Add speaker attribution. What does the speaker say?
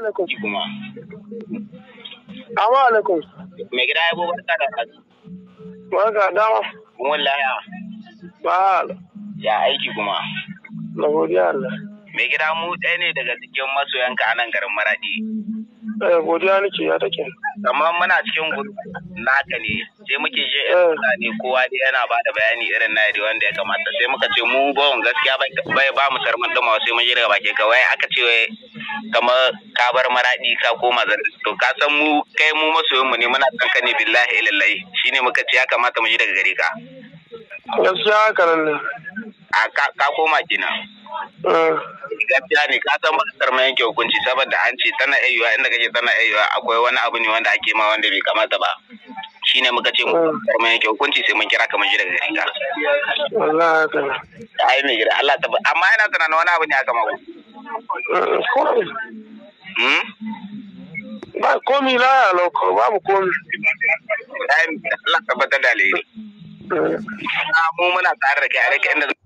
Speaker 1: alaikum. Kuma. Amma alaikum. Mai gida ya bo barka da kaji. Barka dama. Mun wallaya. Ba'al. Ya aiki kuma. Na godiya Allah. Mai gida mu ɗaya ne daga cikin masoyanka a nan garin Maradi. Eh godiya nake ya take. Amma muna cikin gudu naka ne sai muke je eh. ne kowa dai yana ba da bayani irin na yadda wanda ya kamata sai muka ce mu bawon gaskiya bai ba mu tarmin dama sai mun je daga bakin kawai aka ce kamar ka bar maraɗi ka koma zanda to ka san mu kai mu masoyin mu ne muna son ka ne billahi lallai shine muka ce ya kamata mu ji daga gare ka gaskiya haka nan a ka koma kina eh. gaskiya ne ka san masar mai yanke hukunci saboda an ce tana ayyuwa inda kake tana ayyuwa akwai wani abu ne wanda ake ma wanda bai kamata ba shine muka ce bakar eh. mai yanke hukunci sai mun kira ka mun ji daga gari ka wallahi haka ai mai gida Allah ta amma ina tunanin wani abu ne aka mako komi ba komi laya lauko babu komi Allah ka bata muna da kai a